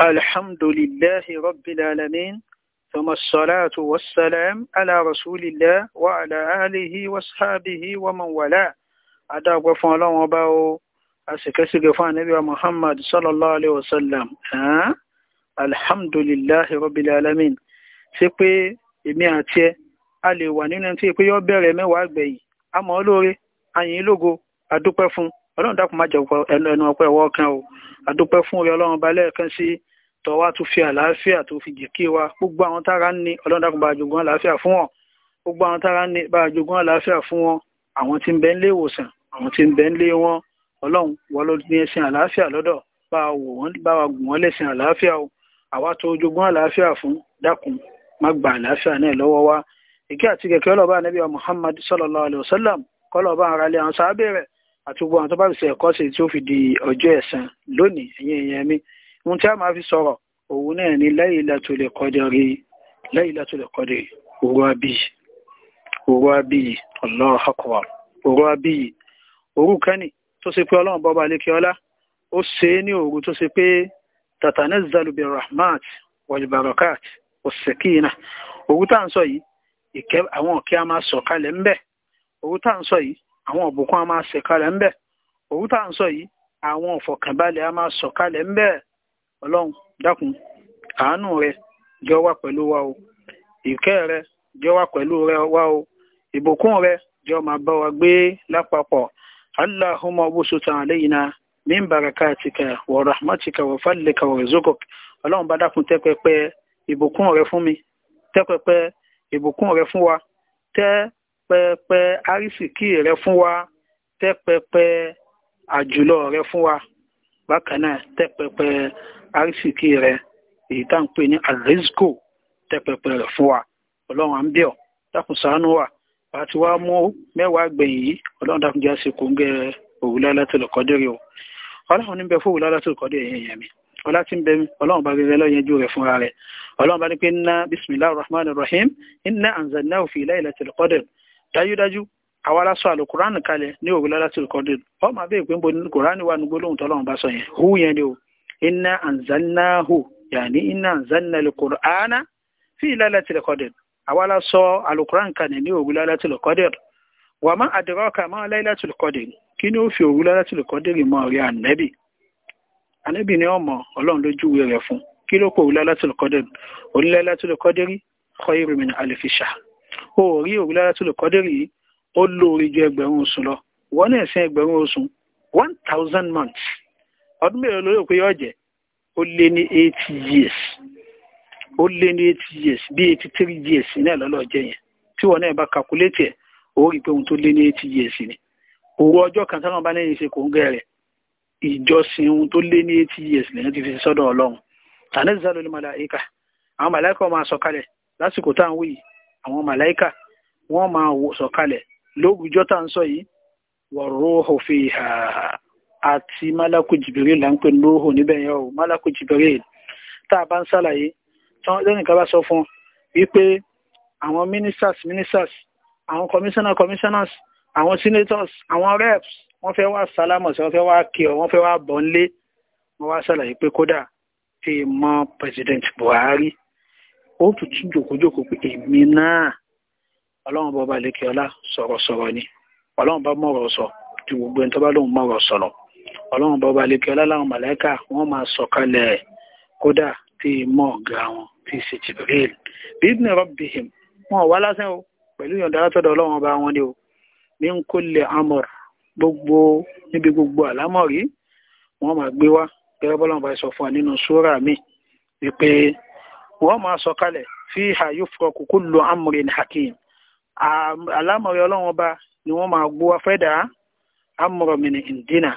الحمد لله رب العالمين ثم الصلاة والسلام على رسول الله وعلى آله وصحبه ومن والاه أدعو فون الله وباو أسكسك فون نبي محمد صلى الله عليه وسلم الحمد لله رب العالمين سيكوي èmi àti ẹ a lè wà nínú ẹni tí pé yọ bẹ̀rẹ̀ mẹ́wàá àgbẹ̀yìn àmọ́ ọlọ́run dákun má jẹ́ ẹnu ọpẹ́ ẹwọ́ kan o àdúpẹ́ fún orí ọlọ́run ọba lẹ́ẹ̀kan sí tọ́wá tó fi àlàáfíà tó fi jẹ́ kí wa gbogbo àwọn tára ń ní ọlọ́run dákun bá jogún àlàáfíà fún wọn gbogbo àwọn tára ń ní bá jogún àlàáfíà fún wọn àwọn tí ń bẹ ń lé ìwòsàn àwọn tí ń bẹ ń lé wọn ọlọ́run wọ́n ló ní ẹ̀sìn àlàáfíà lọ́dọ̀ bá wò wọ́n bá wa gùn wọ́n lẹ́sìn àlàáfíà o àwa tó jogún àlàáfíà fún dákun má gba àlàáfíà náà lọ́wọ́ wa ìkẹ́ àti kẹ̀kẹ́ ọlọ́ba anábíà Muhammad sallallahu alayhi wa sallam kọ́lọ́ba àràlẹ̀ àwọn sábẹ́ rẹ̀ àti gbogbo àwọn tó bá ṣe ẹ̀kọ́ sí tí ó fi di ọjọ́ ẹ̀san lónìí ẹ̀yin èèyàn mi ohun tí a máa fi sọ̀rọ̀ òun náà ni Laylatul Qadri Laylatul Qadri òru abíyì òru abíyì Allahu Akbar òru abíyì òru kẹ́ni tó ṣe pé ọlọ́run bọ́ba lékè ọlá ó ṣe é ní òru tó ṣe pé tatanazzalu bir rahmat wal barakat was sakina òru tá à ń sọ yìí ìkẹ́ àwọn ọ̀kẹ́ a máa sọ̀ kalẹ̀ ńbẹ̀ òru tá à ń sọ yìí àwọn òbùkún a máa ṣèkalẹ̀ ńbẹ̀ òwú tá à ń sọ yìí àwọn ọ̀fọ̀kànbalẹ̀ a máa sọ̀kalẹ̀ ńbẹ̀ ọlọ́run dákun àánú rẹ jọ wà pẹ̀lú wa o ìkẹ́ rẹ jọ wà pẹ̀lú rẹ wa o ìbùkún rẹ jọ máa bá wa gbé lápapọ̀ allahumma busuta alayna min barakatika wa rahmatika wa fadlika wa rizquk ọlọ́run bá dákun tẹ́ ìbùkún rẹ fún mi tẹ́ ìbùkún rẹ fún wa tẹ́ pẹpẹ àrísìkí rẹ fún wa tẹ́ pẹpẹ àjùlọ rẹ fún wa bákan náà tẹ́ pẹpẹ àrísìkí rẹ èyí tá à ń pè ní àrísìkò tẹ́ pẹpẹ rẹ fún wa ọlọ́run à ń bẹ̀ ọ́ dákun ṣàánú wa àti wàá mú mẹ́wàá gbẹ̀yìn yìí ọlọ́run dákun jẹ́ àṣekò ń gẹ òwúlẹ̀ alátìlẹ̀ kọ́dẹ̀rẹ̀ o ọlọ́run níbẹ̀ fún òwúlẹ̀ alátìlẹ̀ yẹn yẹn mi ọlá tí ń bẹ ọlọ́run bá rere lọ́yẹnjú rẹ̀ fúnra rẹ̀ ọlọ́run bá ní pé inna bismillahir rahmanir rahim inna anzalnahu fi laylatil qadr dájúdájú àwa la sọ àlùkùránì kalẹ̀ ní òwe lọ́láṣí ìkọ́dún ọmọ abẹ́ ìpín bo kùránì wà ní gbólóhùn tọ́lọ́run bá sọ yẹn hu yẹn ni o inna anzalnahu yàní inna anzalna al-Qur'ana fi lálàtí ìkọ́dún àwa la sọ àlùkùránì kalẹ̀ ní òwe lọ́láṣí ìkọ́dún wà má adraka má láylatul qadr kí ni ó fi òwe lọ́láṣí ìkọ́dún mọ́ rí ànẹ́bì ànẹ́bì ni ọmọ ọlọ́run lójúwe rẹ̀ fún kí ló kó òwe lọ́láṣí ìkọ́dún òun lọ́láṣí ìkọ́dún khayrun min alfi shahr ó rí òru Lailatul Qadr yìí ó lóore ju ẹgbẹ̀rún oṣù lọ wọ́n náà sin ẹgbẹ̀rún oṣù one thousand months ọdún mélòó lórí òpin ọ̀jẹ̀ ó lé ní eighty years ó lé ní eighty years bí eighty three years náà lọ́lọ́jẹ́ yẹn tí wọ́n náà bá calculate ẹ̀ ó rí pé ohun tó lé ní eighty years ni òru ọjọ́ kan táwọn bá náà yìí ṣe kò ń gẹ̀ rẹ̀ ìjọsìn ohun tó lé ní eighty years lẹ́yìn ti fi sọ́dọ̀ ọlọ́run tànẹ́sì sálọ́ọ́ ní màláìka àwọn màláìka ọmọ àsọkalẹ̀ lásìkò táwọn wí yìí àwọn màláìkà wọ́n máa wò sọ̀kalẹ̀ lóògùjọ́ tá ń sọ yìí wa ruhu fiha àti malaku Jibril là ń pè lóòhò níbẹ̀ yẹn o malaku Jibril tá a bá ń ṣàlàyé tán lẹ́yìn ká bá sọ fún wípé àwọn ministers ministers àwọn commissioners, commissioners àwọn senators àwọn reps wọ́n fẹ́ wá sálámọ̀ sí wọ́n fẹ́ wá kí ọ wọ́n fẹ́ wá bọ̀ ń wá ṣàlàyé pé kódà fi mọ́ president Buhari ó tutù jòkójòkó pé èmi náà ọlọ́run bọba lékè ọlá sọ̀rọ̀sọ̀rọ̀ ni ọlọ́run bá mọ̀rọ̀ sọ ju gbogbo ẹni tó bá lóun mọ̀rọ̀ sọ̀rọ̀ ọlọ́run bọba lékè ọlá láwọn màláíkà wọ́n máa sọ̀kalẹ̀ kódà tí mọ̀ ọ̀gá wọn tí ṣe Jibril bíbí rabbihim wọn wá lásán o pẹ̀lú ìyọ̀ǹda látọ̀dọ̀ ọlọ́run ọba wọn ni o min kulli amr gbogbo níbi gbogbo àlámọ̀rí wọ́n máa gbé wá gẹ́gẹ́ bọ́lọ́run bá sọ fún wa nínú súrà mi wípé wọ́n máa sọ kalẹ̀ fiha yufraku kullu amrin hakim alámọ̀rẹ́ ọlọ́run ọba ni wọ́n máa gbó afẹ́dà amọ̀rọ̀ min indina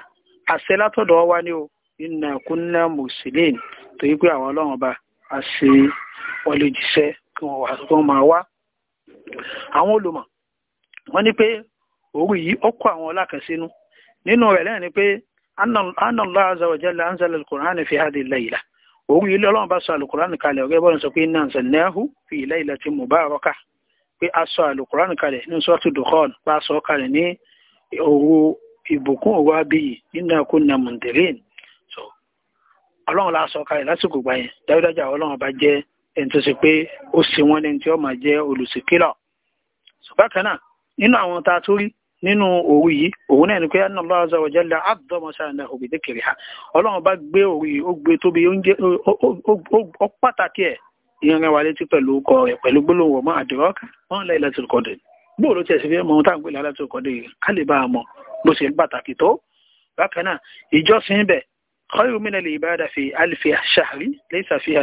àṣẹ látọ̀dọ̀ wa ni o inna kunna mursilin torí pé àwọn ọlọ́run ọba a ṣe wọlé jíṣẹ́ kí wọ́n máa wá. àwọn olùmọ̀ wọ́n ní pé òru yìí ó kó àwọn ọlákan sínú nínú rẹ̀ lẹ́yìn ni pé anna Allah azza wa jalla anzala al-Qur'ana fi hadhihi al-layla òun ilé ọlọ́run bá sọ alukuran kalẹ̀ ọ̀gẹ́ bọ́ọ̀lù sọ pé iná ń sẹ̀nẹ́hù fi ilẹ̀ ilẹ̀ ti mubaraka pé a sọ alukuran kalẹ̀ ní sọ́ọ̀tù dùkọ́ọ̀n pa sọ kalẹ̀ ní òru ìbùkún òru abiyì nínú ẹkún na mùndìrín so ọlọ́run la sọ kalẹ̀ lásìkò gbà yẹn dájúdájú àwọn ọlọ́run bá jẹ́ ẹni tó ṣe pé ó sì wọ́n ní tí ó máa jẹ́ olùsìkílọ̀ so bákan náà nínú àwọn ta tó rí nínú òru yìí òun náà ni pé anna allah azza wa jalla adama sa'ana obi dekere ha ọlọ́run bá gbé òru yìí ó gbé tóbi oúnjẹ ó pàtàkì ẹ̀ ìyanra wa létí pẹ̀lú ọkọ rẹ̀ pẹ̀lú gbólóhùn ọmọ àdìrọ́kà wọn lẹ́yìn láti kọ́dé bó ló tiẹ̀ sí fẹ́ mọ ohun táwọn gbélé aláti kọ́dé yìí ká lè bá a mọ bó ṣe pàtàkì tó bákan náà ìjọsìn bẹ̀ khayru min al-ibada fi alfi shahri laysa fiha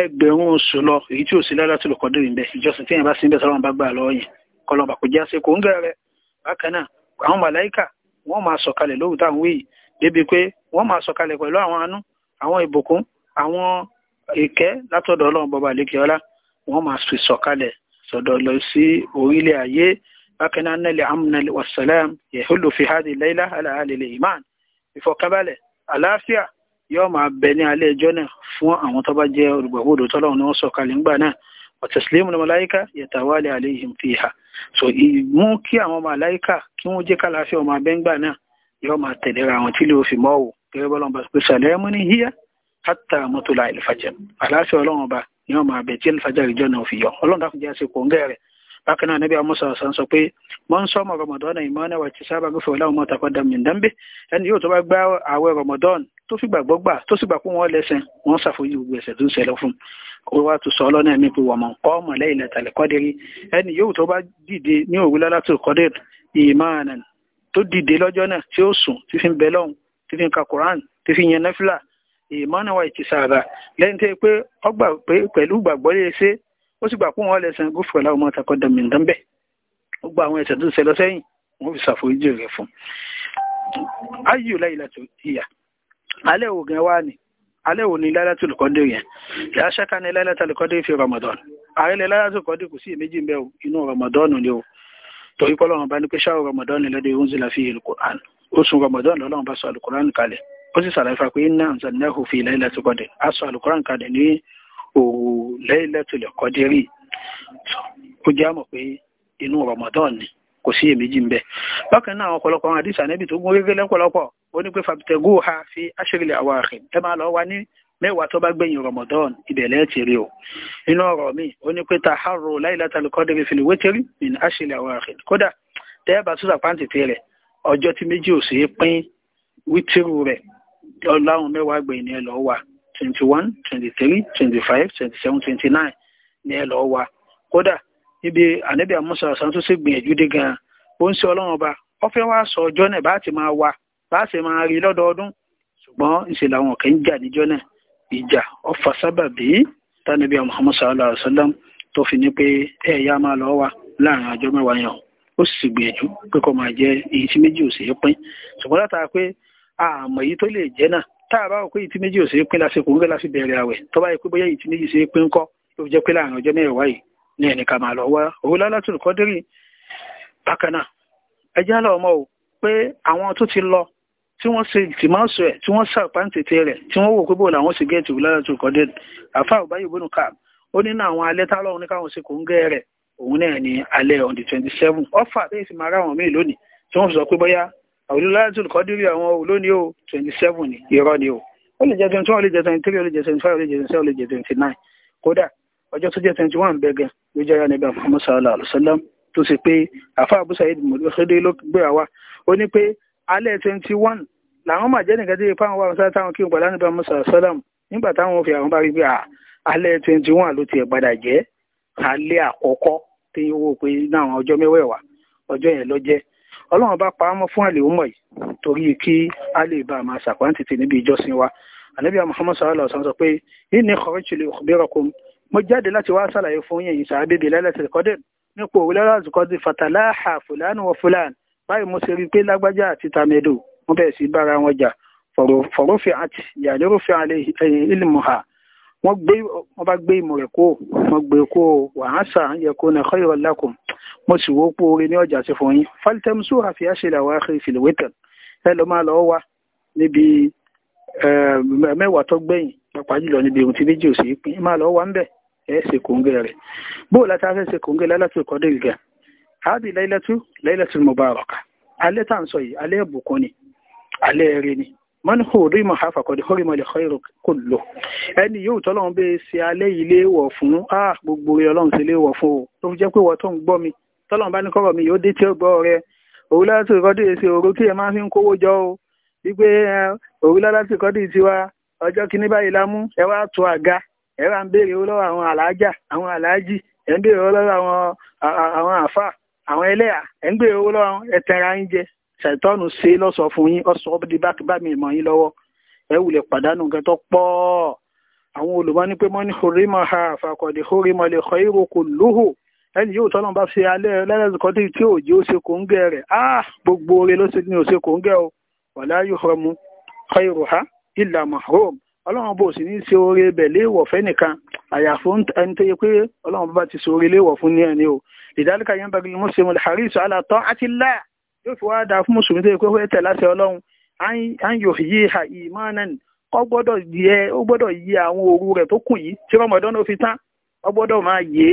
ẹgbẹ̀rún oṣù lọ èyí tí ò sí lálátì lọ́kọ̀ dé ìbẹ̀ ìjọsìn tí yẹn bá sí ń bẹ̀ sọ́lọ́run bá gbà lọ́yìn kọlọ́ba kò já sí kòńgẹ́ rẹ̀ bákan náà àwọn màláìkà wọ́n máa sọ̀kalẹ̀ lóhùn táwọn wíyì débi pé wọ́n máa sọ̀kalẹ̀ pẹ̀lú àwọn àánú àwọn ìbùkún àwọn ìkẹ́ látọ̀dọ̀ ọlọ́run bọba àlékè ọlá wọ́n máa fi sọ̀kalẹ̀ sọ̀dọ̀ lọ sí orílẹ̀ ayé bákan náà nẹ́lẹ̀ amúnẹ́lẹ̀ wàsálàm yẹ̀hólò fi hádìí láìlá àlàálẹ̀ ìmáàn ìfọ̀kànbalẹ̀ àlàáfíà yóò máa bẹ ní alẹ́ ẹjọ́ náà fún àwọn tó bá jẹ́ olùgbàgbọ́dò tọ́lọ́run ni wọ́n sọ̀kalẹ̀ ńgbà náà ọ̀tẹ̀sílẹ́mù ní màláíkà yẹ̀tàwálẹ̀ àlẹ́yìn fi hà so mú kí àwọn màláíkà kí wọ́n jẹ́ kálàáfíà ọmọ abẹ́ngbà náà yóò máa tẹ̀lé ra àwọn tí lè fi mọ́ wò gẹ́gẹ́ bọ́lọ́n bá pèsè àlẹ́mú ní híyá hátà mọ́tòlá ìlfàjẹ́ àlàáfíà ọlọ́run ọba ni wọ́n máa bẹ̀ tí ìlfàjẹ́ àríjọ́ náà fi yọ ọlọ́run dákun jẹ́ àsìkò ń gẹ̀rẹ̀ bákan náà níbi amúsà ọ̀sán sọ pé mọ́ ń sọ́mọ̀ ramadan ìmọ̀ náà wà ti sábà gbé fòlá ọmọ tàkọ́dà mìíràn bí ẹni yóò tó bá gbá àwẹ̀ ramadan tó fi gbàgbọ́ gbà tó sì gbà pé wọ́n lẹ́sìn wọ́n ṣàfojì gbogbo ẹ̀ṣẹ̀ tó ń ṣẹlẹ̀ fún un ó wá tún sọ ọlọ́nà mi pé wọ́n mọ̀ ọ́ mọ̀ lẹ́yìn lẹ́tàlẹ́ kọ́dẹ́rì ẹni yóò tó bá dìde ní òru lálátò kọ́dẹ́rì ìmáàna tó dìde lọ́jọ́ náà tí ó sùn tí fi ń bẹ lọ́hùn tí fi ń ka Quran tí fi ń yan náfìlà ìmáàna wa ìtì sàrà lẹ́yìn tó yẹ pé ọgbà pé pẹ̀lú gbàgbọ́ lè ṣe ó sì gbà pé wọ́n lẹ́sìn gófìrà láwọn ọmọ àtàkọ́ dàmìndàn bẹ́ẹ̀ ó gba alẹ́ wo gan wá ni alẹ́ wo ni Lailatul Qadr yẹn yàrá ṣẹ́ka ni Lailatul Qadr fi Ramadan àrílẹ̀ Lailatul Qadr kò sí èméjì ń o inú Ramadan ni o torí pé ọlọ́run bá ní pé ṣáà Ramadan ni lẹ́dẹ̀ unzila fihi al-Qur'an oṣù Ramadan lọ́lọ́run bá sọ al-Qur'an kalẹ̀ ó sì ṣàlàyé fún pé inna anzalnahu fi Lailatul Qadr a sọ al kalẹ̀ ní òru Lailatul Qadr rí ó jẹ́ àmọ̀ pé inú Ramadan ni kò sí èméjì ń bẹ bákan náà ọ̀pọ̀lọpọ̀ àwọn àdìsàn ó ní pé ha fi aṣèrìlẹ̀ àwọn àrìn ẹ máa lọ wá ní mẹ́wàá tó bá gbẹ̀yìn Ramadan ìbẹ̀lẹ̀ ti rí o inú ọ̀rọ̀ mi ó ní pé taharo láìlátalù kọ́dẹ̀rì fìlì wétérì ní aṣèrìlẹ̀ àwọn àrìn kódà tẹ́ẹ̀bà sùsà pàǹtìtì rẹ̀ twenty one twenty three twenty five twenty seven twenty nine ní ẹ lọ wá kódà níbi ànẹ́bí àmúṣà sàǹtúnṣe gbìyànjú dé gan-an ó ń ṣe ọlọ́run ọba ọ fẹ́ wá sọ ọjọ́ náà bá ti máa wá bá ṣe máa rí lọ́dọọdún ṣùgbọ́n ìṣe làwọn ọ̀kẹ́ ń jà níjọ́ náà ìjà ọfà sábàbí tánibíà Muhammad sallallahu alaihi wa sallam tó fi ní pé ẹ̀yà máa lọ wà láàrin àjọ mẹ́wàá yẹn ó sì gbìyànjú pé kó máa jẹ èyí tí méjì ò sí pín ṣùgbọ́n látara pé àmọ̀ èyí tó lè jẹ́ náà tá a bá rò pé èyí tí méjì ò sí pín lásìkò ń gbé láti bẹ̀rẹ̀ àwẹ̀ tó bá yẹ pé bóyá èyí tí méjì sí pín ń kọ́ ló jẹ́ pé láàrin ọjọ́ mẹ́wàá yìí ní ẹnì kan máa lọ wá owó lálátùn kọ́dírì bákan náà ẹ jẹ́ lọ́mọ o pé àwọn tó ti lọ tí wọ́n ṣe ìtìmáṣọ ẹ̀ tí wọ́n ṣàpáǹtẹ̀tẹ̀ rẹ̀ tí wọ́n wò pé bò làwọn sì gẹ̀ẹ́tì wùlára tó kọ́ dé àfa àbáyé bónú ká ó ní àwọn alẹ́ tálọ́run ní káwọn ṣe kò ń gẹ́ rẹ̀ òun náà ní alẹ́ on the twenty seven ọ̀fà bẹ́ẹ̀ sì máa ráwọn míì lónìí tí wọ́n sọ pé bóyá àwòlúlára tó kọ́ dírì àwọn olónìí o twenty seven ni irọ́ ni o ó lè jẹ́ twenty one ó lè jẹ́ twenty three ó lè jẹ́ twenty five ó lè jẹ́ twenty seven ó lè jẹ́ twenty nine kódà ọjọ́ tó jẹ́ twenty one bẹ́ẹ̀ gan ló jẹ́ yára níbi àfọmọ́sá aláàlú sálám tó ṣe pé àfa àbúṣà yìí mọ̀lẹ́fẹ́dé ló gbéra wa ó ní pé alẹ́ twenty one làwọn màjẹ́ nìkan tí ipa àwọn wà sáà táwọn kí n pàdánù bá musa sọ́làmù nígbà táwọn fi àwọn bá rí pé alẹ́ twenty one ló tiẹ̀ padà jẹ́ alẹ́ àkọ́kọ́ tí ó wò pé náà àwọn ọjọ́ mẹ́wẹ̀ẹ̀wá ọjọ́ yẹn lọ jẹ́ ọlọ́run bá pa á mọ́ fún àlè ó mọ̀ yìí torí kí a lè bá a máa ṣàpáǹtì tì níbi ìjọsìn wa ànábìá muhammad sallallahu alaihi wa sọ pé yìí ní kharajtu li ukhbirakum mo jáde láti wá sàlàyé fún yẹn ìṣàbẹ̀bẹ̀ lẹ́lẹ́sẹ̀ kọ́dẹ̀ nípò lẹ́lẹ́sẹ̀ kọ́dẹ̀ fatalaha fúlàní wa fúlàní báyìí mo ṣe rí i pé lágbájá àti tàmẹ́dò wọ́n bẹ̀rẹ̀ sí bára wọn jà fọ̀rọ̀fẹ́ àti yàdúrófẹ́ alẹ́ ìlmùhà wọ́n gbé wọ́n bá gbé ìmọ̀ rẹ̀ kó wọ́n gbé kó wàhásà yẹ kó nà kọ́ ìrọ̀lá kù mo sì wó pé orin ní ọjà sí fún yín falitẹ́mu sóra fi àṣẹlẹ̀ wá kiri fìlìwétẹ̀ ẹ lọ máa lọ wá níbi mẹ́wàá tó gbẹ̀yìn pàápàá jùlọ níbi ohun tí méjì ò sí pín máa lọ wá ń bẹ̀ ẹ ṣe kòǹgẹ̀ rẹ̀ bóòlù àti afẹ́ṣe kòǹgẹ̀ lálàtò ìkọ́dé ìgbà hadi lailatu lailatul mubaraka alẹ́ tá à ń sọ yìí alẹ́ ìbùkún ni alẹ́ eré ni man hori ma hafa kọ́ di hori ma lè khairu kullu ẹni yóò tọ́lọ́run bẹ́ẹ̀ ṣe alẹ́ yìí léèwọ̀ fún á gbogbo rẹ̀ ọlọ́run ṣe léèwọ̀ fún o tó fi jẹ́ pé wọ́n tó ń gbọ́ mi tọ́lọ́run bá ní kọ́rọ̀ mi yóò dé tí ó gbọ́ rẹ̀ òwúlá láti ìkọ́dí èsì òru tí ẹ máa fi ń kówó jọ o wípé òwúlá láti ìkọ́dí tiwa ọjọ́ kìíní báyìí la mú ẹ wá tó àga ẹ wá ń béèrè lọ́wọ́ àwọn àlàájà àwọn àlàájì ẹ ń béèrè lọ́wọ́ àwọn àfáà àwọn ẹlẹ́yà ẹ̀ ń gbé owó lọ́rùn ẹ̀ tẹ̀ra ń jẹ ṣàìtọ́nù ṣe lọ́sọ̀ fún yín ọ̀sọ̀ di bá bá mi mọ̀ yín lọ́wọ́ ẹ wulẹ̀ pàdánù nǹkan tó pọ̀ àwọn olùmọ́ pé mọ́ni horímọ̀ ha àfàkọ̀dé horímọ̀ lè kọ́ irú kò lóhò ẹni yóò tọ́nà bá ṣe alẹ́ lẹ́lẹ́sìkọ́ tí tí òjì ó ṣe kòńgẹ́ rẹ̀ á ha ìlà mahrom ọlọ́run bò sí ní ṣe oore bẹ̀ léèwọ̀ fẹ́ nìkan àyàfó ẹni tó yẹ pé ìdálùkà yẹn bàgì mùsùlùmí alharisu alatọ àti là yóò fi wá dáa fún mùsùlùmí tó yẹ kó tẹ̀ láṣẹ ọlọ́run à ń yò yí ha ìmánàn kọ́ gbọ́dọ̀ yẹ ó gbọ́dọ̀ yí àwọn òru rẹ̀ tó kù yìí tí rọmọdán ló fi tán ó gbọ́dọ̀ máa yé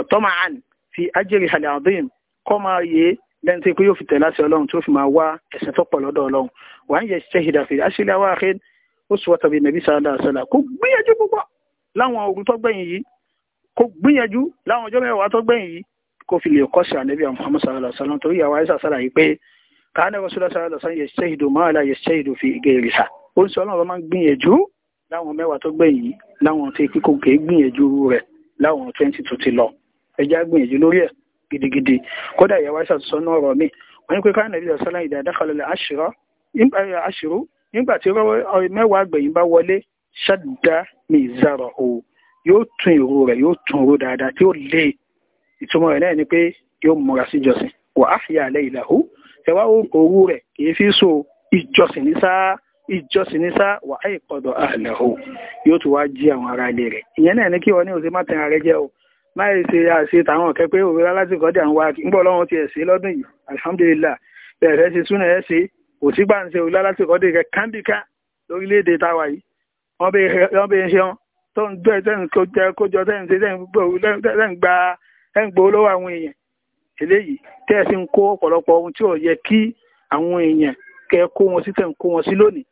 ọ̀tọ́mà àn fi ajẹ́rì halẹ̀ àdéhùn kọ́ máa yé lẹ́ni tí yóò fi tẹ̀ láṣẹ ọlọ́run tó fi máa wá ẹ̀sìn tó pọ̀ lọ́dọ̀ ọlọ́run wà ń yẹ ṣiṣẹ́ ìdàfẹ́ àṣìlẹ̀ àwọn láwọn òru tó gbẹ̀yìn yìí kó gbìyànjú láwọn ọjọ́ mẹ́wàá tó gbẹ̀yìn yìí kó fi lè kọ́ sí ànábì Muhammad sallallahu alaihi wasallam torí àwọn àìsàn sára yìí pé káàní rasulullah sallallahu alaihi wasallam yajtahidu ma la yajtahidu fi ghairiha ó ń sọ ọlọ́run máa ń gbìyànjú láwọn mẹ́wàá tó gbẹ̀yìn láwọn tó kíkó kéé gbìyànjú rẹ̀ láwọn twenty tó ti lọ ẹjẹ́ gbìyànjú lórí ẹ̀ gidigidi kódà ìyàwó àìsàn sọ náà rọ̀ mí wọ́n ní ìtumọ̀ rẹ̀ náà ni pé yóò múra sí ìjọsìn wà á fi àlẹ́ ìlàhú ẹ wá òru rẹ̀ kìí fi so ìjọsìn ní sáà ìjọsìn ní sáà wà á ìkọdọ̀ àlẹ́hù yóò tún wá jí àwọn ará ilé rẹ̀ ìyẹn náà ni kí wọn ní òsè má tẹ̀ra rẹ jẹ́ o máa ṣe àṣe tàwọn ọ̀kẹ́ pé òwe lásìkò ọdẹ àwọn wa ń bọ̀ lọ́wọ́ tiẹ̀ sí lọ́dún yìí alihamudulilayi bẹ́ẹ̀ ṣe súnà ẹ̀ ṣe òtí gbà ń ṣe òwe lásìkò ọdẹ rẹ kándíkà lórílẹ̀‐èdè táwa yìí wọ́n bẹ ń ṣe wọn tó ń gbẹ tẹ́ ń kójọ tẹ́ ń ṣe tẹ́ ń gba ẹ̀ ń gbowó lọ́wọ́ àwọn èèyàn eléyìí tẹ́ ẹ sì ń kó ọ̀pọ̀lọpọ̀ ohun tí ò yẹ kí àwọn èèyàn kẹ́ ẹ kó wọn sí tẹ̀ ń kó wọn sí lónìí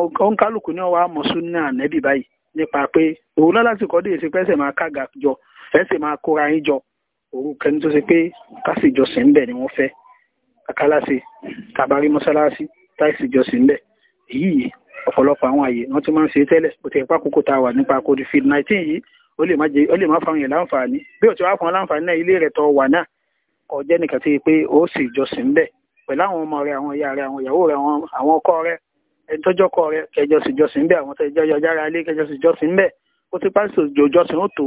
òǹkálùkù ni wàá mọ̀ sún náà nẹ́bí báyìí nípa pé òun náà láti kọ́ déyìí sí pé ẹsẹ̀ máa kága jọ ẹsẹ̀ máa kóra yín jọ òun kẹni tó ṣe pé káṣí ń bẹ̀ ni wọ́n fẹ́ kàkálàṣe tàbárí mọ́ṣáláṣí táìsì ń bẹ̀ èyí ọ̀pọ̀lọpọ̀ àwọn àyè wọ́n ti máa ń ṣe tẹ́lẹ̀ bó ti tá a wà nípa covid nineteen yìí ó lè má jẹ ó lè má fáwọn èèyàn láǹfààní bí òtí wàá fún ọ láǹfààní náà ilé rẹ̀ tó wà náà kò jẹ́ nìkan tí pé ó sì jọsìn bẹ̀ pẹ̀lú àwọn ọmọ rẹ̀ àwọn ìyá rẹ̀ àwọn ìyàwó rẹ̀ àwọn ọkọ rẹ̀ ẹni tó jọkọ rẹ̀ kẹjọ sì jọsìn bẹ̀ àwọn tẹjọ yọjára ilé kẹjọ sì jọsìn bẹ̀ ó ti pàṣẹ òjòjọsìn ó tó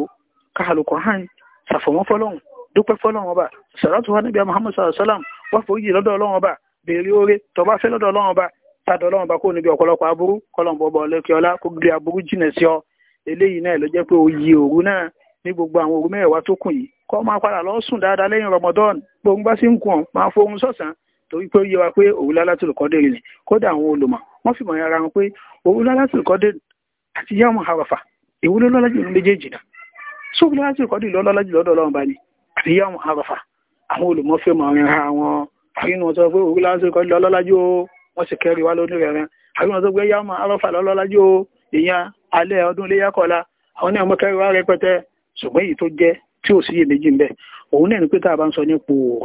káàlùkọ hàn ṣàfọ̀mọ́ fọlọ́hún dúpẹ́ fọlọ́hún ọba sàrátù wa níbi Muhammad sallallahu alaihi wasallam wà fòyí lọ́dọ̀ ọlọ́run ọba béèrè oore tọba fẹ́ lọ́dọ̀ ọlọ́run ọba sádọ̀ ọlọ́run ọba kó níbi ọ̀pọ̀lọpọ̀ aburú kọlọ̀ǹbọ̀ ọba ọlẹ́kẹ́ ọlá kó eléyìí náà ló jẹ́ pé oyè òru náà ní gbogbo àwọn òru mẹ́wàá tó kù yìí kọ́ máa padà lọ sùn dáadáa lẹ́yìn Ramadan gbóhùn bá sí ń kùn ọ́ máa fohun sọ̀sán torí pé ó yẹ wa pé òru lálátùlù kọ́dẹ̀rì ni kódà àwọn olùmọ̀ wọ́n fìmọ̀ ara wọn pé òru lálátùlù kọ́dẹ̀rì àti yàmù àràfà ìwúlò lọ́lájú ló méjèèjì náà sóòrù lálátùlù kọ́dẹ̀rì lọ́lájú lọ́dọ̀ Ọlọ́run bá ní àti yàmù alẹ́ ọdún ya kọ́lá àwọn náà mọ́kẹ́rì wá rẹpẹtẹ ṣùgbọ́n èyí tó jẹ́ tí ò síyè méjì ń bẹ òun náà ní pé tá a bá ń sọ nípa òòrùn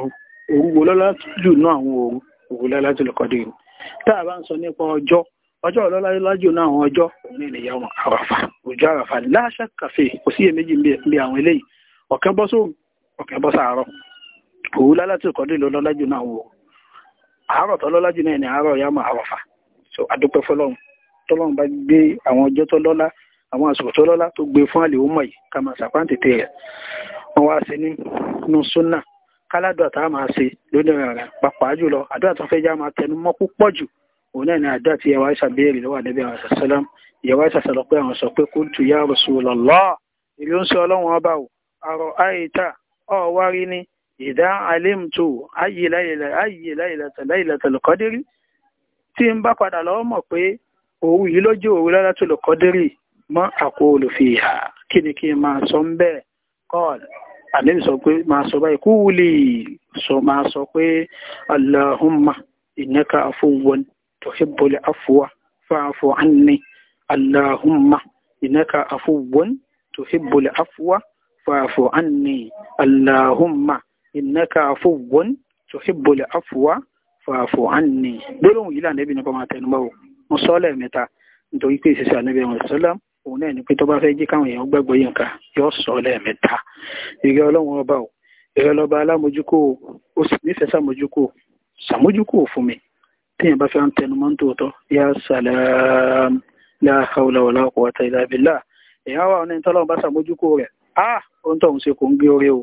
òru wo lọ́lá jù náà àwọn òru òru lọ́lá jù lọ́kọ́dé rù tá a bá ń sọ ọjọ́ ọjọ́ ọlọ́lá lájù náà àwọn ọjọ́ òun náà nìyá wọn àràfà òjò àràfà láṣà kàfé kò méjì àwọn eléyìí tọ́lọ́run bá gbé àwọn ọjọ́ tó lọ́lá àwọn àsìkò tó lọ́lá tó gbé fún àlè ọmọ yìí ká máa sàpá tètè rẹ̀ wọ́n wá sí nínú súnà káládùn àtà máa ṣe lónìí rẹ̀ pàpà jùlọ àdúrà tó fẹ́ já máa tẹnu mọ́ púpọ̀ jù òun náà ni àdúrà tí yàwá ìṣà béèrè lọ́wọ́ àdébí àwọn àṣàṣàlám yàwá ìṣà sọ pé àwọn sọ pé qultu ya Rasulullah ìlú ń sọ ọlọ́run ọba ò àrọ̀ àìta ọ̀wárí ni ìdá alimtu ayé láyé láyé láyé látàlẹ́kọ́dírí tí ń bá padà lọ́wọ́ mọ̀ pé òru yìí lójú òru lára tó lọ kọ́dírì mọ́ àkóòlù fi hà kí ni kí n máa sọ ń bẹ́ẹ̀ kọ́ọ̀l àlẹ́bí sọ pé máa sọ báyìí kúwùlì sọ máa sọ pé allahumma innaka afuwwun tuhibbul afwa fa'fu anni allahumma innaka afuwwun tuhibbul afwa fa'fu anni allahumma innaka afuwwun tuhibbul afwa fa'fu anni gbólóhùn yìí là níbi nípa máa tẹnumọ́ o mo sọ lẹ́ẹ̀mẹ́ta nítorí pé ìṣẹ̀ṣẹ̀ ànábì àwọn ìṣọ́lá òun náà ni pé tó bá fẹ́ jí káwọn èèyàn gbàgbọ́ yìí nǹkan yóò sọ lẹ́ẹ̀mẹ́ta ìrẹ́ ọlọ́run ọba o ìrẹ́ lọ́ba alámojúkò ó sì nífẹ̀ẹ́ sàmójúkò sàmójúkò fún mi téèyàn bá fẹ́ ń tẹnu mọ́ tòótọ́ yá sàlám la hawla wala quwwata illa billah èèyàn wà ní tọ́lọ́run bá sàmójúkò rẹ̀ á ohun tó ń ṣe kò ń gé orí o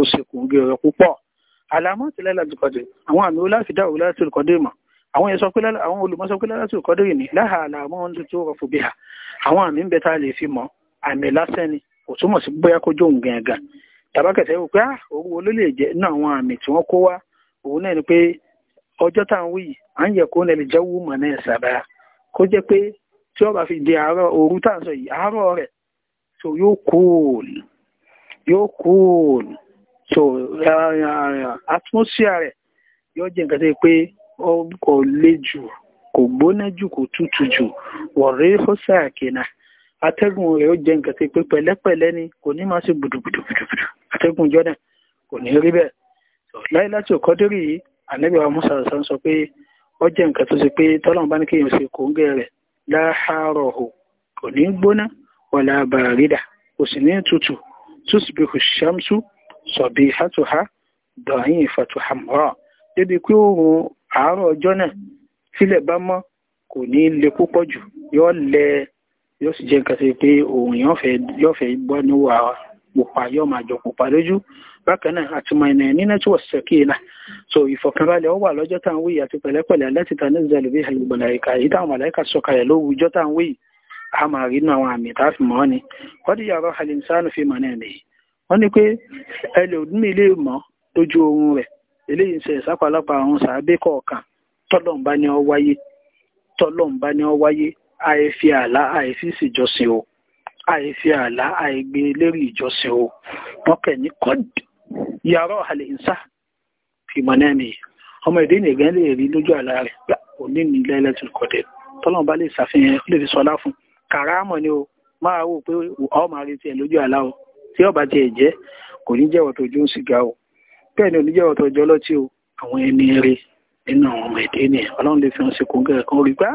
ó ṣe kò ń gé orí púpọ̀ àlàmọ́ tilẹ̀ láti kọjú àwọn àmì ó láti dá láti kọjú ìmọ̀ àwọn yẹn sọ pé àwọn olùmọ́sọ pé lálásù kọ́dírì ní láhà àlàmọ́ ohun tó tó àwọn àmì ń bẹ tá a lè fi mọ̀ àmì lásán ni kò túmọ̀ sí bóyá kó jóun gangan tàbákẹ̀tẹ̀ wò pé á ah, ló lè jẹ́ àwọn àmì tí wọ́n kó wá òun náà ni pé ọjọ́ tá à ń wí yìí à so yóò yóò so eh, eh, atmosphere rẹ̀ yóò jẹ́ nǹkan kò le jù kò gbóná jù kò tútù jù wọ̀rẹ́ fọ́sẹ̀ àkínà atẹ́gùn rẹ̀ ó jẹ́ nǹkan tí pé pẹ̀lẹ́pẹ̀lẹ́ ni kò ní máa ṣe gbùdùgbùdùgbùdù atẹ́gùn jọ́nà kò ní rí bẹ́ẹ̀ láyé láti òkọ́dérì yìí ànábì wa musa sàn sọ pé ó jẹ́ nǹkan tó ṣe pé tọ́lọ́n bá ní kéèyàn ṣe kòńgẹ́ rẹ̀ láhàárọ̀ hù kò ní gbóná wàlá bàrídà kò sì ní tutù tusbihu shamsu sọ̀bí hátùhá dọ̀yìn fàtùhàmọ́rọ̀ débi pé oòrùn àárọ̀ ọjọ́ náà tílẹ̀ bá mọ́ kò ní le púpọ̀ jù yóò lẹ yóò sì jẹ́ nǹkan sí pé òun yóò fẹ́ gbọ́ níwà pupa yóò máa jọ pupa lójú bákan náà àtúmọ̀ ẹ̀nà ní nẹ́tíwọ̀sì sẹ́kìlá so ìfọ̀kànbalẹ̀ ó wà lọ́jọ́ tá à ń wí àti pẹ̀lẹ́pẹ̀lẹ́ láti ta nígbà lóbi àlùbọ̀làyíká èyí táwọn màláìka sọ̀kalẹ̀ lówùjọ́ tá à ń wí a máa rí inú àwọn àmì tá a fi mọ́ ni wọ́n ti yàrá halinsanu fi mọ̀ náà nìyí wọ́n ní pé ẹlòmíì lè mọ̀ lójú oorun rẹ̀ eléyìí ń ṣe ìsápalápa àwọn sàábé kọ̀ọ̀kan tọ́lọ̀mbá ni ọ wáyé tọ́lọ̀mbá ni ọ wáyé àìfi àlá àìfi ìsìjọsìn o àìfi àlá àìgbé lérí ìjọsìn o wọn kẹ̀ ní kọ́d yàrá àlè nsá fìmọ̀ náà nìyí ọmọ èdè nìgbẹ́ lè rí lójú àlá rẹ̀ òní ní ilẹ̀ ẹlẹ́tì kọ̀dẹ̀ tọ́lọ̀mbá lè ṣàfihàn lè fi sọlá fún kàràmọ̀ ni o máa wò pé ọ máa retí ẹ̀ lójú àlá o tí ọba tiẹ̀ jẹ́ kò ní jẹ́wọ́ tó jó ń sìgá o bẹ́ẹ̀ ni oníjẹ́ ọ̀tọ̀ ìjọ ọlọ́tí o àwọn ẹni rẹ nínú àwọn ọmọ ẹ̀dẹ́ ni ọlọ́run lè fi hàn sí kóńgẹ́ kan rí gbá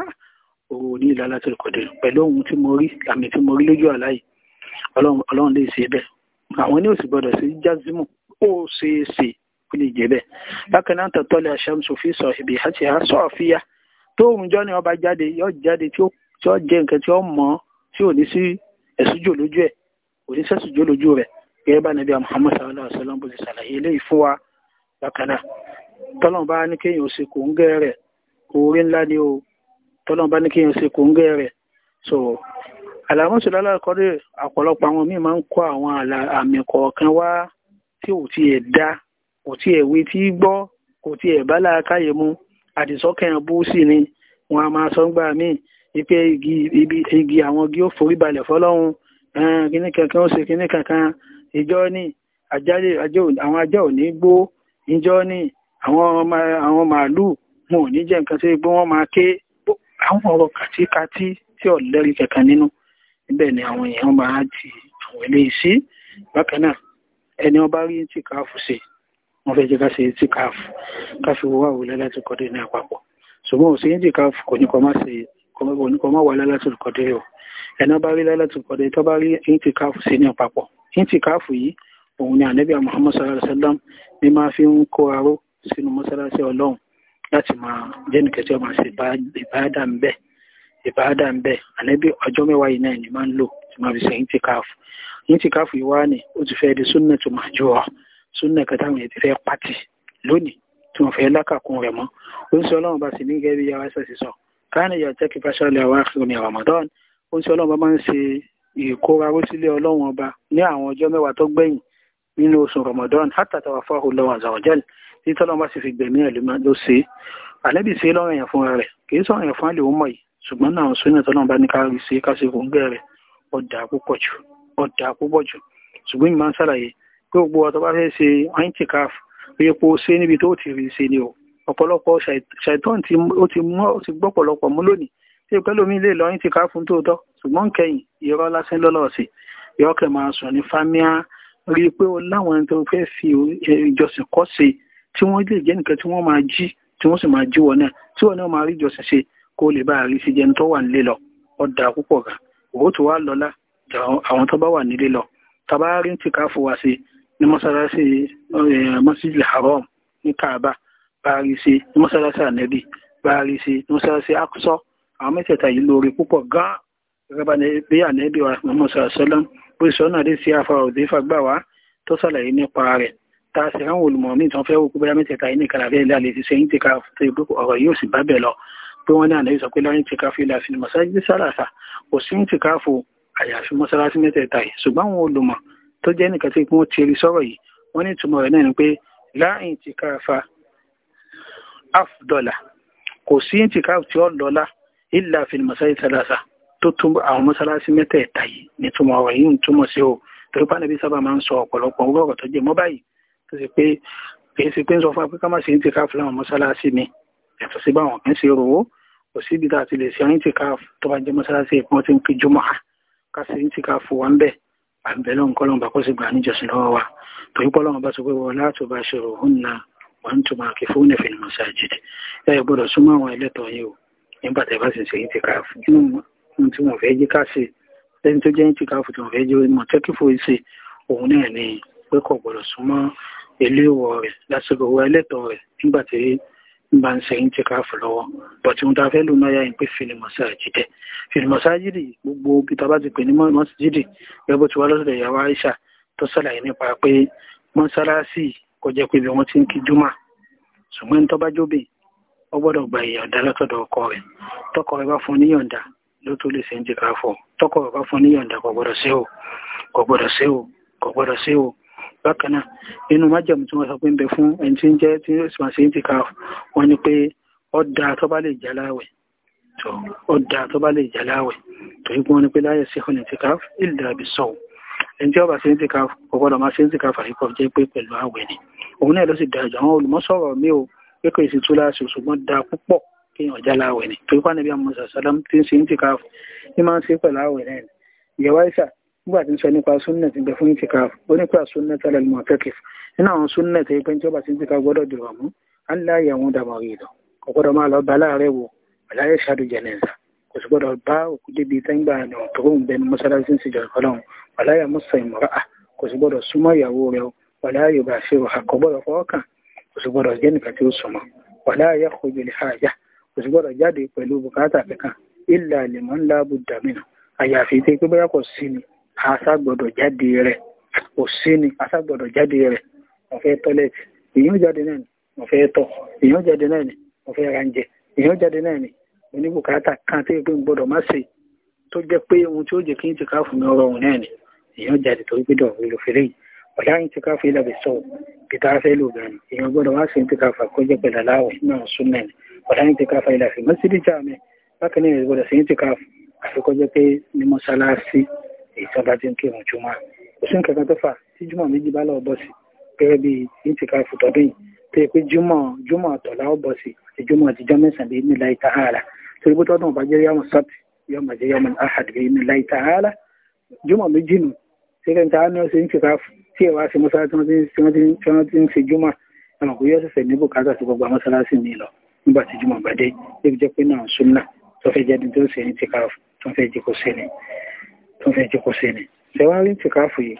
òru òní ìlà láti kọ̀dé pẹ̀lú ohun tí mo rí àmì tí mo rí lójú àlá yìí ọlọ́run lè ṣe bẹ́ẹ̀ àwọn ní òsì sí jazimu ó ṣeé ṣe ó lè jẹ bẹ́ẹ̀ bákan náà tọ́tọ́lẹ̀ aṣáájú fi sọ ibi àti aṣọ àfíyà tó òun jọ ni ọba jáde yóò jáde tí ó jẹ nǹkan tí ó mọ̀ tí ò ní sí ẹ̀sùjò lójú ẹ̀ ò sẹ́sùjò lójú rẹ̀ gẹ́gẹ́ bá nàbí Muhammad sallallahu alaihi wasallam bó ti ṣàlàyé eléyìí fún wa bákan náà tọ́lọ́n bá ní kéèyàn ó ṣe kò ń gẹ́ rẹ̀ orí ńlá ni o tọ́lọ́n bá ní kéèyàn ó ṣe kò ń gẹ́ rẹ̀ so àlàmọ́sí lálàkọ́rí ọ̀pọ̀lọpọ̀ àwọn míì máa ń kó àwọn àmì kọ̀ọ̀kan wá tí ò tiẹ̀ dá kò tiẹ̀ wí tí gbọ́ kò tiẹ̀ bá láàkáyè mu àdìsọ́kàn bú sí ni wọn a máa sọ ń gbà míì wípé igi àwọn igi ó forí balẹ̀ fọlọ́run kíní kankan ó ṣe kíní kankan ìjọ ní àwọn ajá ò ní gbó ìjọ ní àwọn màálùú wọn ò ní jẹ́ nǹkan tí gbé wọ́n máa ké àwọn ọ̀rọ̀ kàtíkàtí tí ò lẹ́rí kankan nínú níbẹ̀ ni àwọn èèyàn máa ti àwọn ilé sí bákan náà ẹni ọba rí tí káàfù ṣe wọ́n fẹ́ jẹ́ ká ṣe tí káàfù káàfù wà wọlé láti kọ́dé ní àpapọ̀ ṣùgbọ́n òṣèyí tí káàfù kò ní kọ́ má wà láti kọ́dé o ẹ̀nà bá rí lẹ́lẹ́tù kọ̀dẹ̀ tó bá rí ìtìkáfù sí ní ọ̀pápọ̀ ìtìkáfù yìí òun ni ànẹ́bí Muhammad sallallahu alaihi wasallam ní máa fi ń kó aró sínú mọ́sálásí ọlọ́run láti máa jẹ́nìkẹ́ tí ó máa ṣe ìbáadà ń bẹ̀ ìbáadà ń bẹ̀ ànẹ́bí ọjọ́ mẹ́wàá yìí náà ni máa ń lò tí máa fi ṣe ìtìkáfù ìtìkáfù yìí wá ní ó ti fẹ́ di súnnà tó máa jọ ọ súnnà kẹta àwọn èèyàn fẹ́ pàtì lónìí tí wọ́n fẹ́ lákàkún rẹ̀ mọ́ ó ń sọ ọlọ́run bá sì ní gẹ́gẹ́ bí yàrá ṣẹ̀ṣẹ̀ sọ káàní yàtẹ́kì fásọlẹ̀ wá fún ní Ramadan ó ń ṣe ọlọ́run ọba máa ń ṣe ìkóraró sílé ọlọ́run ọba ní àwọn ọjọ́ mẹ́wàá tó gbẹ̀yìn nínú oṣù Ramadan hátàtàwà fáwọn lọ́wọ́ àzàwọ̀jẹ́lì tí tọ́lọ́mọ sì fi gbẹ̀mí ẹ̀ ló ṣe àlẹ́bí ṣe lọ́rọ̀ yẹn fúnra rẹ̀ kìí sọ̀rọ̀ yẹn fún àlèwọ́ mọ̀ yìí ṣùgbọ́n náà sọ́nà tọ́lọ́mọ bá ní ká rí ṣe ká ṣe kò ń gẹ̀ rẹ̀ ọ̀dà púpọ̀ jù ọ̀dà púpọ̀ jù ṣùgbọ́n ìmọ̀ ṣàlàyé pé gbogbo ọ̀tọ́ bá fẹ́ ṣe antikaf rí epo ṣe níbi tó ti rí ṣe ni o ọ̀pọ̀lọpọ̀ ṣàìtọ́n ti gbọ́pọ̀lọpọ̀ mú lónìí ṣé pẹ́lú mi lè lọ́yìn ti ká fún tòótọ́ ṣùgbọ́n kẹyìn irọ́ lásán lọ́lọ́ọ̀sì yọ kẹ máa sọ ní fámíà rí i pé ó láwọn ẹni tó fẹ́ fi ìjọsìn kọ́ ṣe tí wọ́n lè jẹ́ nìkan tí wọ́n máa jí tí wọ́n sì máa jí wọn náà tí wọ́n náà máa rí ìjọsìn ṣe kó lè bá àrí sí jẹun tó wà nílé lọ ó da púpọ̀ gan òwò tó wà lọ́lá àwọn tó bá wà nílé lọ tàbá ti ká fún wa ṣe ní mọ́sálásí mọ́sílì haram ní kaaba bá rí sí ní mọ́sálásí ànẹ́bí bá sí ní mọ́sálásí akusọ́ àwọn mẹ́tẹ̀ẹ̀ta yìí lóore púpọ̀ gan gẹ́gẹ́ bí ànẹ́bí wa mọ́sá sọ́lọ́m bó ṣe ọ̀nà dé sí afa òde fagbà wá tó ṣàlàyé nípa rẹ̀ ta sì ráwọn olùmọ̀ míì tán fẹ́ wò pé mẹ́tẹ̀ẹ̀ta yìí nìkan àfẹ́ ilé àlè ti ṣe ń ti ka ọ̀rọ̀ yóò sì bá bẹ̀ lọ pé wọ́n ní ànẹ́bí sọ pé láyé ti ka fi ilé àfin mọ́sáájú sálàsà kò sí ti ka fo àyàfi mọ́sálásí mẹ́tẹ̀ẹ̀ta yìí ṣùgbọ́n àwọn olùmọ̀ tó jẹ́ nìkan tí wọ́n ti rí sọ̀rọ̀ yìí wọ́n ní ìtumọ̀ rẹ̀ náà ni pé láàyè ti ka fa afdọ́là kò sí ń ti ka tí ó lọ́lá illa fil masai salasa tó tún àwọn mọ́sálásí mẹ́tẹ̀ẹ̀ta yìí ní túmọ̀ ọ̀rọ̀ yìí ń túmọ̀ sí o torí pé ànábì sábà máa ń sọ ọ̀pọ̀lọpọ̀ owó ọ̀rọ̀ tó jẹ mọ́ báyìí tó sì pé kìí ṣe pé ń sọ fún apẹ́ká má ṣe ń tìkáàfù láwọn mọ́sálásí mi yàtọ̀ sí báwọn kan ṣe rò ó kò sí ibi tá ti lè ṣe ń mọ́sálásí ìpọ́n tí ń bá kó sì gbà níjọsìn ó nígbà tẹ́ bá sì ṣe yìí ti ká fún kí wọn tí wọn fẹ́ jí ká ṣe lẹ́ni tó jẹ́ yìí ti ká fún tí wọn fẹ́ jí mọ̀ tẹ́kífò ṣe òun náà ni pé kò gbọ́dọ̀ súnmọ́ ilé ìwọ̀ rẹ̀ lásìkò owó ẹlẹ́tọ̀ rẹ̀ nígbà tí bá ń ṣe yìí ti ká fún lọ́wọ́ bọ̀tí wọn ta fẹ́ lù náà yá yìí pé fìlìmọ̀sá jídẹ̀ fìlìmọ̀sá jídì gbogbo ibi tá a bá ti pè ní mọ́sídìdì gẹ́gẹ́ bó ti wá lọ́sọ̀dọ̀ ìyàwó Aisha tó ṣàlàyé nípa pé mọ́sálásì kọjá pé bí wọ́n ti ń kí júmọ̀ ṣùgbọ́n tó bá jóbìn ó gbọ́dọ̀ gba ìyọ̀ǹda lọ́tọ̀dọ̀ ọkọ rẹ̀ tọkọ rẹ̀ bá fún níyọ̀ǹda ló tó lè ṣe ń tìka fọ tọkọ rẹ̀ bá fún níyọ̀ǹda kò gbọ́dọ̀ ṣe o kò gbọ́dọ̀ ṣe o kò gbọ́dọ̀ ṣe o bákan náà nínú májèmú tí wọ́n sọ pé ń bẹ fún ẹni tí ń jẹ́ tí ó sì máa ṣe ń tìka wọn ni pé ó dáa tó bá lè jà láwẹ̀ tó ó dáa tó bá lè jà láwẹ̀ tó yí wọn ni pé láyé sí ọ̀nà ìtìka ìlú àbí sọ̀wọ́ ẹni tí ó bá ṣe ń máa ṣe ń tìka jẹ́ pé pẹ̀lú àwẹ̀ ni òun náà ló sì dáa àwọn olùmọ́sọ̀rọ̀ mi ò pé kò sí túláàsì ṣùgbọ́n da púpọ̀ kí èèyàn já láwẹ̀ ni torí pa níbi àmọ́ sàṣàlám tí ń ṣe ń tìkáàfù ní máa ń ṣe pẹ̀lú àwẹ̀ náà ni ìyẹ̀wá ìṣà nígbà tí ń sọ nípa súnnà ti bẹ fún ìtìkáàfù ó ní pé súnnà tẹ́lẹ̀ mọ̀ kẹ́kẹ́ nínú àwọn súnnà tó yẹ pé tí ó bá ti ń tìkáàfù gbọ́dọ̀ dùrọ̀ mú aláyẹ̀ wọn dàmọ̀ rí lọ kò gbọ́dọ̀ máa lọ bá láàárẹ̀ wò aláyẹ̀ ṣáàdù jẹ̀nẹ̀sà kò sì gbọ́dọ̀ bá òkú débi tẹ́ngbà tòun bẹnu mọ́sálásí ń ṣèjọ ọlọ́run aláyẹ̀ mọ́sàn ìmọ̀ra kò sì gbọ́dọ̀ súnmọ́ ìyàwó rẹ̀ aláyẹ̀ bá ṣe rọ̀ àkọ́gbọ́dọ̀ fọ́ọ̀kàn kò sì gbọ́dọ̀ jẹ́ nìkan tí ó sọmọ wàlá àyà kojú lè àyà kò sì gbọ́dọ̀ jáde pẹ̀lú bùkátà kankan ìlà lèmọ́ ńlá bùdà mìíràn àyàfi tí pé bóyá kò sí ni àṣà gbọ́dọ̀ jáde rẹ̀ kò sí ni àṣà gbọ́dọ̀ jáde rẹ̀ wọ́n fẹ́ tọ́lẹ̀tì èyí jáde náà ni wọ́n tọ̀ èyí jáde náà ni wọ́n fẹ́ ra jáde náà ni oníbùkátà kan tí èpè gbọ́dọ̀ má ṣe tó jẹ́ pé ohun tí ó jẹ́ kí n ti ká fún mi ọ̀rọ̀ òun náà ni èyí jáde torí pé dọ̀rọ̀ lò fẹ́lẹ́ yìí ọ̀dá ìtìkáfù ilẹ̀ bẹ̀sọ̀ ìta fẹ́ lò gan èèyàn gbọ́dọ̀ wá sí ìtìkáfù àkójẹ́ pẹ̀lú aláwọ̀ náà súnmẹ̀ ọ̀dá ìtìkáfù ilẹ̀ àfi mọ́sídìí jàmẹ́ bákan náà gbọ́dọ̀ sí ìtìkáfù àfikọ́jẹ́ pé ní mọ́sálásí ìjọba ti ń kírun jùmọ̀ oṣù kẹta tó fà tí jùmọ̀ méjì bá lọ́ọ́ bọ́ sí gẹ́gẹ́ bí ìtìkáfù tọdún yìí tó yẹ pé jùmọ̀ jùmọ̀ tọ̀lá ó bọ́ sí àti jùmọ̀ àtijọ́ mẹ́sàn-án bíi ní ọ̀sẹ̀ tí ẹ̀ wá sí mọ́sálásí tí wọ́n ti ń ṣe júmọ̀ ẹ̀mọ̀ kò yọ ṣẹ̀ṣẹ̀ ní bùkátà sí gbogbo mọ́sálásí mi lọ nígbà tí júmọ̀ bá dé débi jẹ́ pé náà súnmọ́ tó fẹ́ jáde tó ṣe ní tìkáàfù tó fẹ́ jẹ́ kó ṣe ni tó fẹ́ jẹ́ kó ṣe ni ṣẹ̀wárí tìkáàfù yìí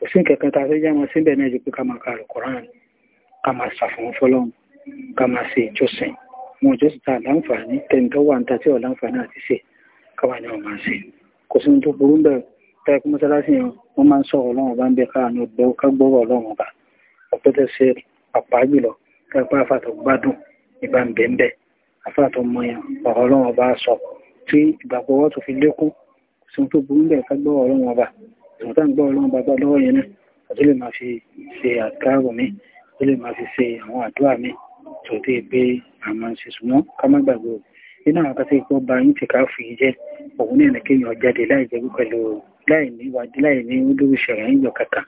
kò sí nǹkan tá a fẹ́ já wọn síbẹ̀ náà ju pé ká máa ka alukoran ká máa ṣàfihàn fọlọ́run ká máa ṣe ìjọsìn wọn ìjọsìn tá a láǹfààní tẹnitọ́ wà ń ta tí ò láǹfààní àti ṣe káwa ni wọn máa ṣe kò sí ní tó burú bẹ́ẹ̀ tẹ́ kí mọ́sálásí yẹn wọ́n máa ń sọ̀rọ̀ ọlọ́run bá ń bẹ káàánú kágbọ́rọ̀ ọlọ́run bá ọ̀pẹ́ tó ṣe pàpà jùlọ kápá àfàtọ̀ gbádùn ìbá ń bẹ̀ ń bẹ̀ àfàtọ̀ mọ yẹn ọ̀rọ̀ ọlọ́run bá sọ tí ìgbàgbọ́ wọ́n tó fi lékún sí tó burú bẹ̀ kágbọ́rọ̀ ọlọ́run bá ìwọ̀n tá ń gbọ́ ọlọ́run bá lọ́wọ́ yẹn náà àti lè máa fi ṣe àkárò mi ó lè máa fi ṣe àwọn àdúrà mi tó dé pé àmọ́ ṣe ṣùgbọ́n ká má gbàgbọ́ nínú àwọn akásí ìpọ́ bá yín ti ká fìyí jẹ́ òun ní ẹnìkéyàn jáde láì jẹ́ pẹ̀lú láì ní ìwádìí láì ní olórí ṣẹ̀rẹ̀ ń yọ kankan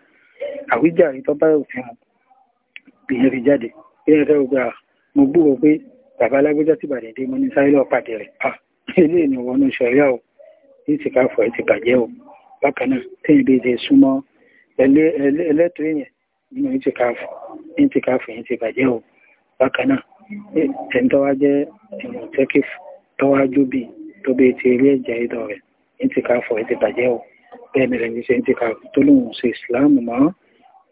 àwíjàre tó bá òfin mu ìyẹn fi jáde ìyẹn fẹ́ gbà mo gbúrò pé bàbá alágbèjọ́ ti bàdé dé mo ní sáré lọ́ọ́ pàdé rẹ̀ ah eléyìí ni wọnú ṣẹ̀ríà o ní ti ká fọ ẹ ti bàjẹ́ o bákan náà téèyàn bí ti súnmọ́ ẹlẹ́tọ́ èèyàn nínú ní ti ká fọ ní ti ká fọ yẹn ti bàjẹ́ o bákan náà ẹni tó jẹ́ ìmọ̀tẹ́kì tó wá jó tó bíi ti rí ẹ̀jẹ̀ ìdọ̀ rẹ̀ ní ti ká fọ ti bàjẹ́ o bẹ́ẹ̀ni rẹ̀ ní ṣe ń tìka tó lóun ṣe ìsìláàmù mọ́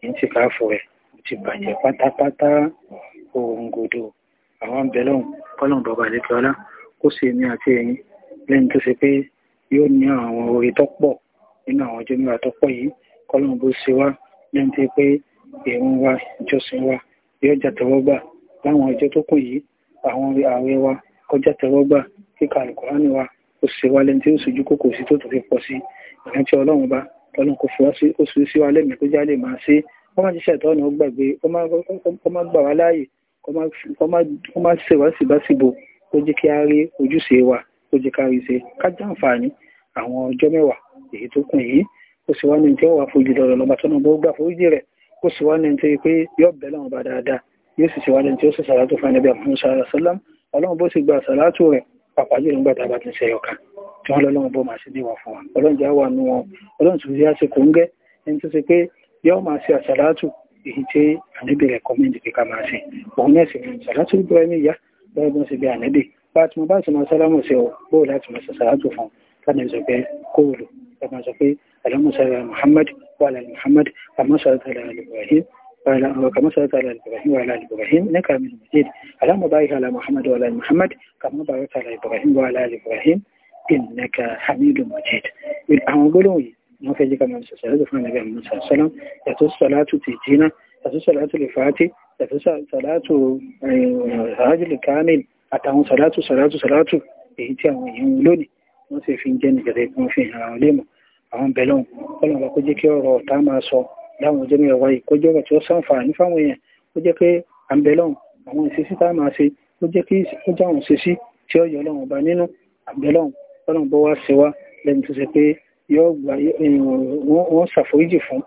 ń tìka fọ̀ rẹ̀ ti bàjẹ́ pátápátá òun gòdò àwọn bẹ̀lọ́n kọ́lọ̀n bọ̀bà lẹ́kọ̀ọ́lá kó sì ní àti ẹ̀yìn lẹ́yìn tó ṣe pé yóò ní àwọn orí tọ́pọ̀ nínú àwọn ọjọ́ mẹ́wàá tọ́pọ̀ yìí kọ́lọ̀n bó ṣe wá lẹ́yìn tó pé èrún wa ìjọsìn wa yóò jàtẹ̀wọ́gbà láwọn ọjọ́ tó kù yìí àwọn ààrẹ wa kọjá tẹ̀wọ́gbà kíkà àlùkùránì wa ó ṣe wá lẹ́yìn tí ṣojú kòkò sí tó tó fi pọ̀ sí rántí ọlọ́run bá ọlọ́run kò fọwọ́ sí ó sì sí wa lẹ́mìí kó já lè máa ṣe ó má ti ṣẹ̀tọ́ ọ̀nà ó gbàgbé ó má gbà wá láàyè ó má ṣe wá síbáṣìbò ó jẹ́ kí a rí ojúṣe wa ó jẹ́ ká rí ṣe ká jàǹfààní àwọn ọjọ́ mẹ́wàá èyí tó kù yìí ó sì wá ní tí ó wà fojú lọ́rọ̀ lọ́ba tó náà bó gbà foríjì rẹ̀ ó sì wá ní tí pé yóò bẹ̀ lọ́wọ́ bá dáadáa yóò sì ṣe wá ní tí ó sì sàlátù fún ẹni bí àmúṣe àlá sálám ọlọ́run bó sì gba sàlátù rẹ̀ pàpà jù nígbà tá a bá ti ṣe ọ̀kan tí wọ́n lọ́lọ́run bó máa ṣe níwà fún wa ọlọ́run jẹ́ wà nú wọn ọlọ́run tún yá ṣe kò ń gẹ́ ẹni tó ṣe pé yóò máa ṣe àṣàlátù èyí tí ànábì rẹ̀ kọ́mẹ́ǹdì pé ká máa ṣe òun náà sì ní àṣàlátù ibrahim ìyá bẹ́ẹ̀ bọ́n ṣe bí ànábì bá ti mọ bá ti mọ sálámù sí ọ bóò láti mọ ṣàṣàlátù fún tánà sọ muhammad wàhálà muhammad amasalatu alayi كما صليت على إبراهيم وعلى آل إبراهيم إنك حميد مجيد اللهم بارك على محمد وعلى آل محمد كما باركت على إبراهيم وعلى آل إبراهيم إنك حميد مجيد àwọn gbólóhùn yìí wọ́n fẹ́ jẹ́ ká máa sọ̀sẹ̀ lọ́dọ̀ fún ànàbí àmì sàṣọ́lá yàtọ̀ sọ̀látù ti jìnnà yàtọ̀ sọ̀látù lè fàátì yàtọ̀ sọ̀látù sọ̀látù lè kámìl àtàwọn sọ̀látù sọ̀látù sọ̀látù èyí tí àwọn èèyàn ń lónìí wọ́n sì fi ń jẹ́ nìjẹ́rẹ́ kí wọ́n fi hàn àwọn lémọ̀ àwọn bẹ̀lọ́n kọ́lọ̀ bá kó jẹ́ kí ọ̀rọ̀ ọ̀tá láwọn ọjọ́ mẹ́wàá yìí kó jẹ́ ọ̀rọ̀ tí ó sàǹfààní fáwọn èèyàn ó jẹ́ pé à ń bẹ lọ́hùn àwọn ìṣesí tá a máa ṣe ó jẹ́ kí ó jẹ́ àwọn ìṣesí tí ó yọ ọlọ́run ọba nínú à ń bẹ lọ́hùn ọlọ́run bó wá ṣe wá lẹ́nu tó ṣe pé yóò gbà eh, wọ́n ṣàforíjì fún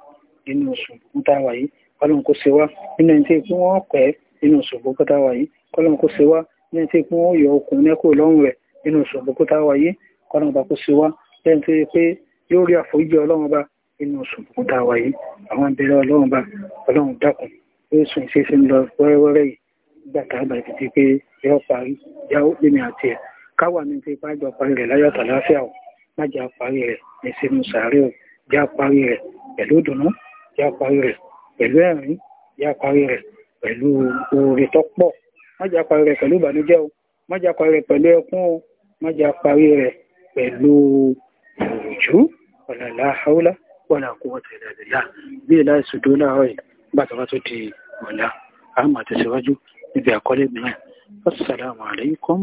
nínú oṣù tá a wà yìí ọlọ́run kó ṣe wá nínú ẹni tí wọ́n pẹ́ nínú oṣù tá a wà yìí ọlọ́run kó ṣe wá nínú ẹni tí wọ́n yọ ọkùnrin nẹ́kù lọ́rùn rẹ̀ nínú oṣù tá a wà yìí ọlọ́run bá kó ṣe wá lẹ́nu tó ṣe pé yóò rí àforíjì ọlọ́run ọba nínú oṣù kúta wà yìí àwọn abẹ́rẹ́ ọlọ́run bá ọlọ́run dákun yóò sùn ìṣeéṣe ń lọ wẹ́rẹ́wẹ́rẹ́ yìí nígbà tá a bá ti di pé yọ parí yàwó lèmi àti ẹ̀ káwà mi ti bá jọ parí rẹ̀ láyọ̀ tàláfíà o má jẹ́ àparí rẹ̀ ní sínú sàárẹ̀ o jẹ́ àparí rẹ̀ pẹ̀lú ìdùnnú jẹ́ àparí rẹ̀ pẹ̀lú ẹ̀rín jẹ́ àparí rẹ̀ pẹ̀lú oore tó pọ̀ má jẹ́ àparí rẹ̀ pẹ̀lú ìbànújẹ́ o má jẹ́ àparí rẹ̀ pẹ̀lú ẹkún o má jẹ́ àparí rẹ̀ pẹ̀lú òòjú ọ̀làlá haúlá wọ́n àkówọ́ta ìdàdìyà bí ìlà ìṣòdó láàárọ̀ yìí bàtàbà tó di ọ̀la àmà tẹ̀síwájú níbi àkọlé mìíràn assalamu alaikum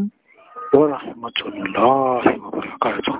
wa rahmatullahi wa barakatuh